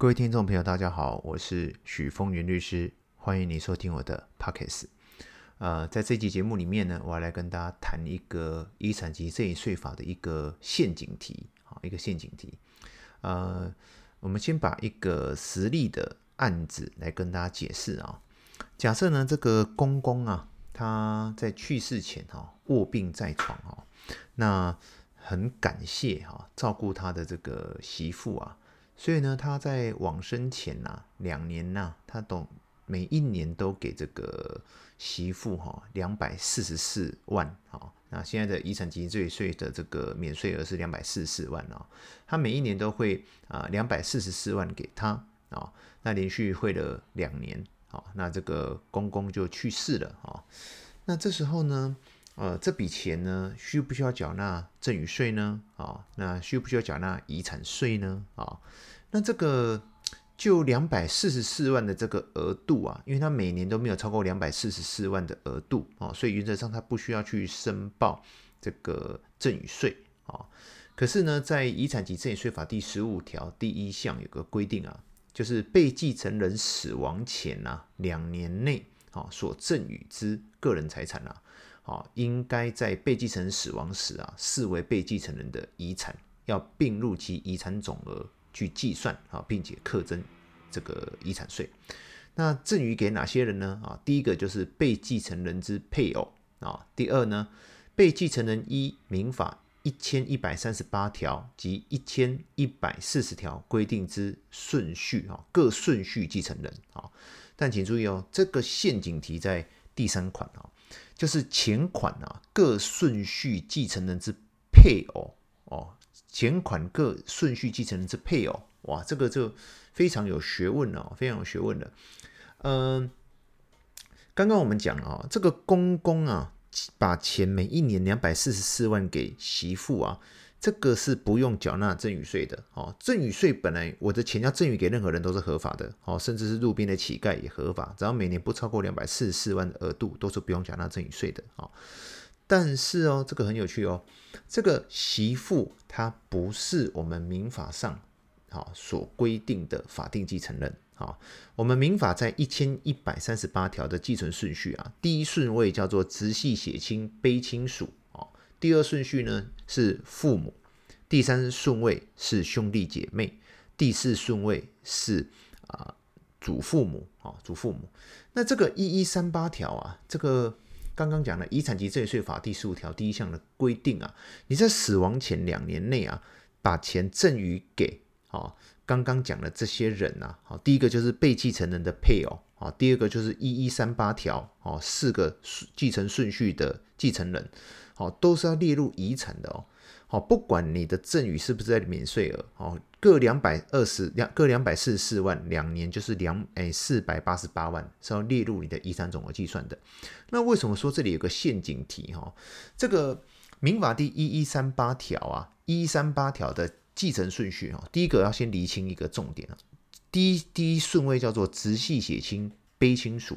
各位聽眾朋友，大家好，我是許峰源律師，歡迎你收聽我的 Podcast。呃，在這集節目裡面呢，我要來，來跟大家談一個遺產及贈與稅法的一個陷阱題，啊，一個陷阱題。呃，我們先把一個實例的案子來跟大家解釋啊、哦。假設呢，這個公公啊，他在去世前哈、哦，臥病在床哈、哦，那很感謝哈、哦，照顧他的這個媳婦啊。所以呢，他在往生前吶、啊，兩年吶、啊，他都每一年都給這個媳婦哈兩百四十四萬、哦，那現在的遺產及贈與稅的這個免稅額是兩百四十四萬啊、哦。他每一年都會啊兩百四十四萬給他啊、哦，那連續匯了兩年啊、哦，那這個公公就去世了啊、哦。那這時候呢，呃，這筆錢呢，需不需要繳納贈與稅呢？啊、哦，那需不需要繳納遺產稅呢？啊、哦？那這個就兩百四十四萬的這個額度啊，因為它每年都沒有超過兩百四十四萬的額度哦，所以原則上它不需要去申報這個贈與稅啊。可是呢，在遺產及贈與稅法第十五條第一項有個規定啊，就是被繼承人死亡前呢、啊、兩年內啊所贈與之個人財產啊，啊應該在被繼承人死亡時啊視為被繼承人的遺產，要併入其遺產總額。去計算啊，並且課徵這個遺產稅。那贈與給哪些人呢？啊，第一個就是被繼承人之配偶啊。第二呢，被繼承人依民法一千一百三十八條及一千一百四十條規定之順序啊，各順序繼承人啊。但請注意哦，這個陷阱題在第三款啊，就是前款啊，各順序繼承人之配偶哦。錢款各順序繼承人之配偶、哦，哇，這個就、這個、非常有學問哦，非常有學問的。嗯、呃，剛剛我們講啊、哦，這個公公啊，把錢每一年兩百四十四萬給媳婦啊，這個是不用繳納贈與稅的。哦，贈與稅本來我的錢要贈與給任何人都是合法的，哦，甚至是路邊的乞丐也合法，只要每年不超過兩百四十四萬的額度都是不用繳納贈與稅的。哦但是哦，這個很有趣哦，這個媳婦她不是我們民法上所規定的法定繼承人啊。我們民法在一千一百三十八條的繼承順序啊，第一順位叫做直系血親卑親屬啊，第二順序呢是父母，第三順位是兄弟姐妹，第四順位是啊祖父母啊祖父母。那這個一一三八條啊，這個。剛剛講的遺產及贈與稅法第十五條第一項的規定啊，你在死亡前兩年內啊，把錢贈與給啊、哦，剛剛講的這些人吶、啊，好、哦，第一個就是被繼承人的配偶啊、哦，第二個就是一一三八條哦，四個繼承順序的繼承人，好、哦，都是要列入遺產的哦。哦，不管你的贈與是不是在免稅額，哦，各兩百二十兩，各兩百四十四萬，兩年就是兩哎四百八十八萬是要列入你的遺產總額計算的。那為什麼說這裡有個陷阱題哈、哦？這個民法第一一三八條啊，一三八條的繼承順序哈、哦，第一個要先釐清一個重點啊，第一第一順位叫做直系血親。卑親屬，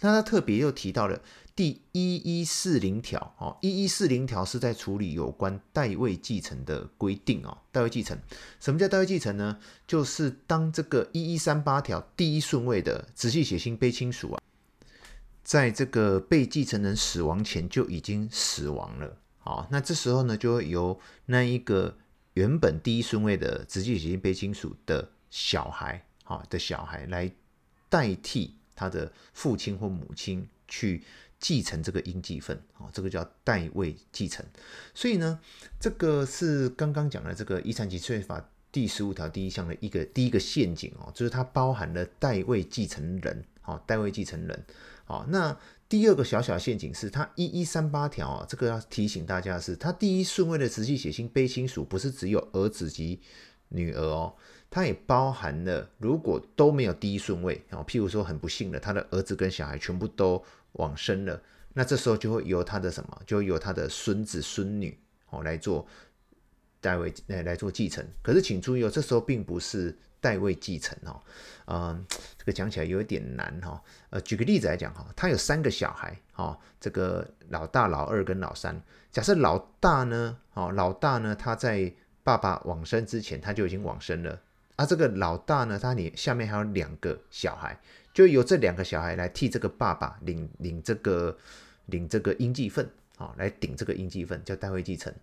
那他特別又提到了第一一四零條，哦，一一四零條是在處理有關代位繼承的規定，哦，代位繼承，什麼叫代位繼承呢？就是當這個一一三八條第一順位的直系血親卑親屬啊，在這個被繼承人死亡前就已經死亡了，好、哦，那這時候呢，就會由那一個原本第一順位的直系血親卑親屬的小孩，哈、哦，的小孩來代替。他的父親或母親去繼承這個應繼份，哦，這個叫代位繼承。所以呢，這個是剛剛講的這個遺產稅法第十五條第一項的一個第一個陷阱哦，就是它包含了代位繼承人，代位繼承人，哦，那第二個小小陷阱是它一一三八條啊，哦，這個要提醒大家是它第一順位的直系血親卑親屬不是只有兒子及女兒哦。它也包含了，如果都沒有第一順位哦，譬如說很不幸的，他的兒子跟小孩全部都往生了，那這時候就會由他的什麼，就會由他的孫子孫女哦來做代位來來做繼承。可是請注意哦，這時候並不是代位繼承哦。嗯，這個講起來有一點難哈。呃，舉個例子來講哈，他有三個小孩哈，這個老大、老二跟老三。假設老大呢，哦，老大呢，他在爸爸往生之前他就已經往生了。他這個老大呢，他你下面還有兩個小孩，就由這兩個小孩來替這個爸爸領領這個領這個應繼份啊，來頂這個應繼份，叫代位繼承。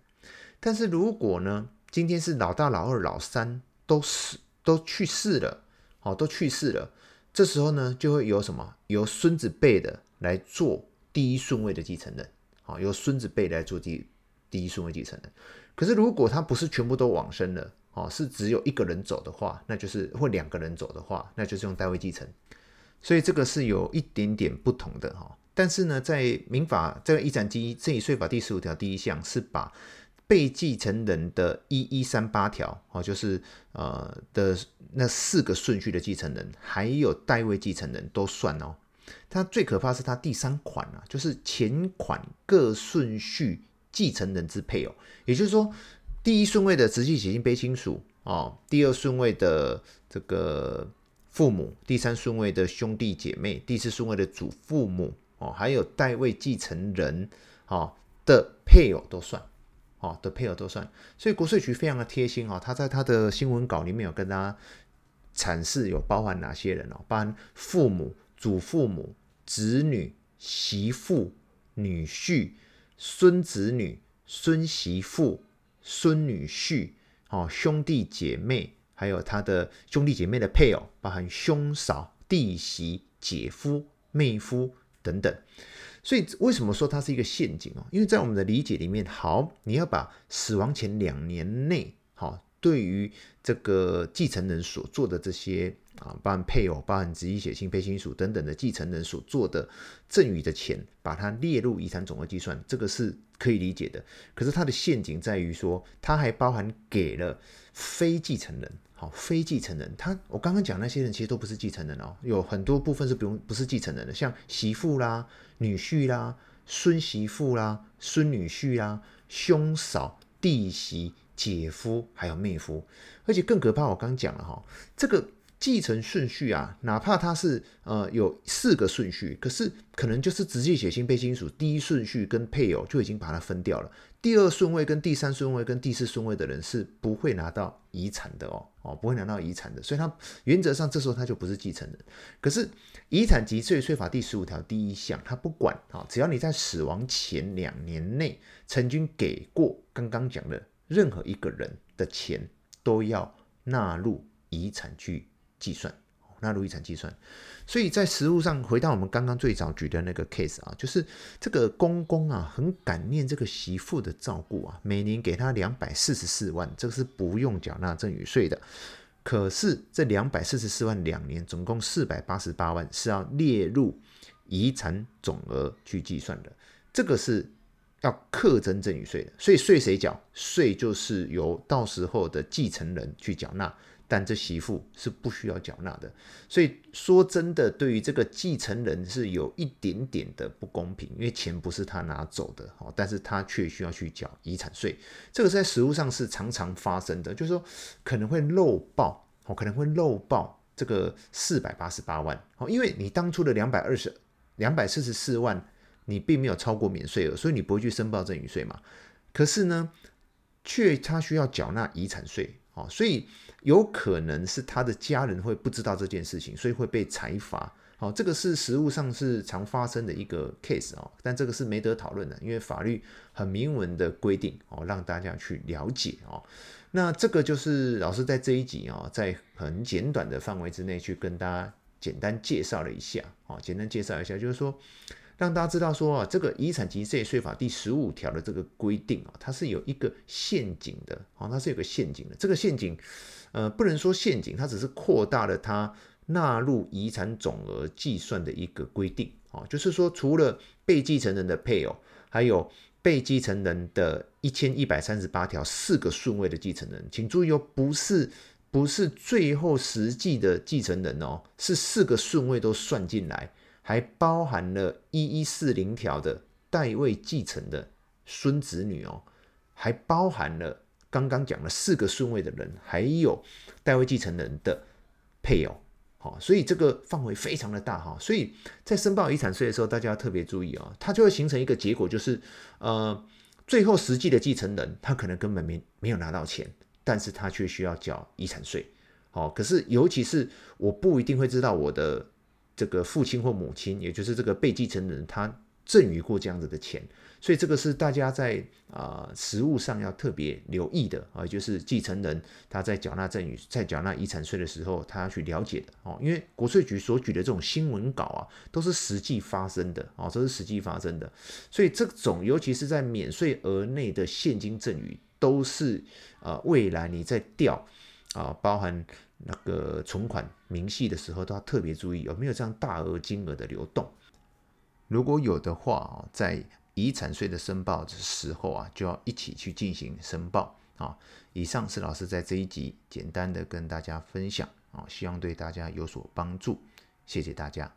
但是如果呢，今天是老大、老二、老三都死都去世了，哦，都去世了，這時候呢，就會有什麼？由孫子輩的來做第一順位的繼承人，好、哦，由孫子輩來做第第一順位繼承人。可是如果他不是全部都往生了。哦，是只有一個人走的話，那就是或兩個人走的話，那就是用代位繼承，所以這個是有一點點不同的哈。但是呢，在民法在遺產及贈與稅法第十五條第一項是把被繼承人的一一三八條哦，就是呃的那四個順序的繼承人還有代位繼承人都算哦。它最可怕是它第三款啊，就是前款各順序繼承人之配偶，也就是說。第一順位的直系血親卑親屬哦；第二順位的這個父母，第三順位的兄弟姐妹，第四順位的祖父母哦，還有代位繼承人哦的配偶都算哦的配偶都算。所以國稅局非常的貼心哦，他在他的新聞稿裡面有跟大家闡釋有包含哪些人哦，包含父母、祖父母、子女、媳婦、女婿、孫子女、孫媳婦。孫女婿、好、哦、兄弟姐妹，還有他的兄弟姐妹的配偶，包含兄嫂、弟媳、姐夫、妹夫等等。所以為什麼說它是一個陷阱哦？因為在我們的理解裡面，好，你要把死亡前兩年內，好、哦，對於這個繼承人所做的這些。啊，包含配偶、包含直系血親、旁系親屬等等的繼承人所做的贈與的錢，把它列入遺產總額計算，這個是可以理解的。可是它的陷阱在於說，它還包含給了非繼承人，好、哦，非繼承人，他我剛剛講那些人其實都不是繼承人哦，有很多部分是不用不是繼承人的，像媳婦啦、女婿啦、孫媳婦啦、孫女婿啦、兄嫂、弟媳、姐夫，還有妹夫。而且更可怕，我剛剛講了哈、哦，這個。繼承順序啊，哪怕他是呃有四個順序，可是可能就是直系血親卑親屬，第一順序跟配偶就已經把它分掉了。第二順位跟第三順位跟第四順位的人是不會拿到遺產的哦，哦，不會拿到遺產的。所以他原則上這時候他就不是繼承人。可是《遺產及贈與稅法》第十五條第一項，他不管啊、哦，只要你在死亡前兩年內曾經給過剛剛講的任何一個人的錢，都要納入遺產去。計算，納入遺產計算，所以在實務上，回到我們剛剛最早舉的那個 case 啊，就是這個公公啊，很感念這個媳婦的照顧啊，每年給他兩百四十四萬，這個是不用繳納贈與稅的。可是這兩百四十四萬兩年總共四百八十八萬是要列入遺產總額去計算的，這個是要課徵贈與稅的。所以稅誰繳？稅就是由到時候的繼承人去繳納。但這媳婦是不需要繳納的，所以說真的對於這個繼承人是有一點點的不公平，因為錢不是他拿走的，但是他卻需要去繳遺產稅，這個在實務上是常常發生的，就是說可能會漏報，可能會漏報這個四百八十八萬，因為你當初的兩百二兩百四十四萬你並沒有超過免稅額，所以你不會去申報贈與稅嘛，可是呢，卻他需要繳納遺產稅哦，所以。有可能是他的家人會不知道這件事情，所以會被裁罰。好，哦，這個是實務上是常發生的一個 case 啊，哦，但這個是沒得討論的，因為法律很明文的規定哦，讓大家去了解，哦，那這個就是老師在這一集啊，哦，在很簡短的範圍之內去跟大家簡單介紹了一下啊，哦，簡單介紹一下，就是說。讓大家知道說啊，這個遺產及贈與稅法第十五條的這個規定啊，它是有一個陷阱的啊，它是有個陷阱的。這個陷阱，呃，不能說陷阱，它只是擴大了它納入遺產總額計算的一個規定哦，就是說，除了被繼承人的配偶，還有被繼承人的一千一百三十八條四個順位的繼承人，請注意哦，不是不是最後實際的繼承人哦，是四個順位都算進來。還包含了一一四零條的代位繼承的孫子女哦，還包含了剛剛講了四個順位的人，還有代位繼承人的配偶，所以這個範圍非常的大哈，所以在申報遺產稅的時候，大家要特別注意哦，它就會形成一個結果，就是呃，最後實際的繼承人他可能根本沒沒有拿到錢，但是他卻需要繳遺產稅，可是尤其是我不一定會知道我的。這個父親或母親，也就是這個被繼承人，他贈予過這樣子的錢，所以這個是大家在啊、呃、實務上要特別留意的啊，就是繼承人他在繳納贈與、在繳納遺產稅的時候，他要去了解的哦。因為國稅局所舉的這種新聞稿啊，都是實際發生的哦，都是實際發生的，所以這種尤其是在免稅額內的現金贈與，都是呃未來你在調。啊，包含那個存款明細的時候，都要特別注意有沒有這樣大額金額的流動。如果有的話，在遺產稅的申報的時候啊，就要一起去進行申報啊。以上是老師在這一集簡單的跟大家分享啊，希望對大家有所幫助。謝謝大家。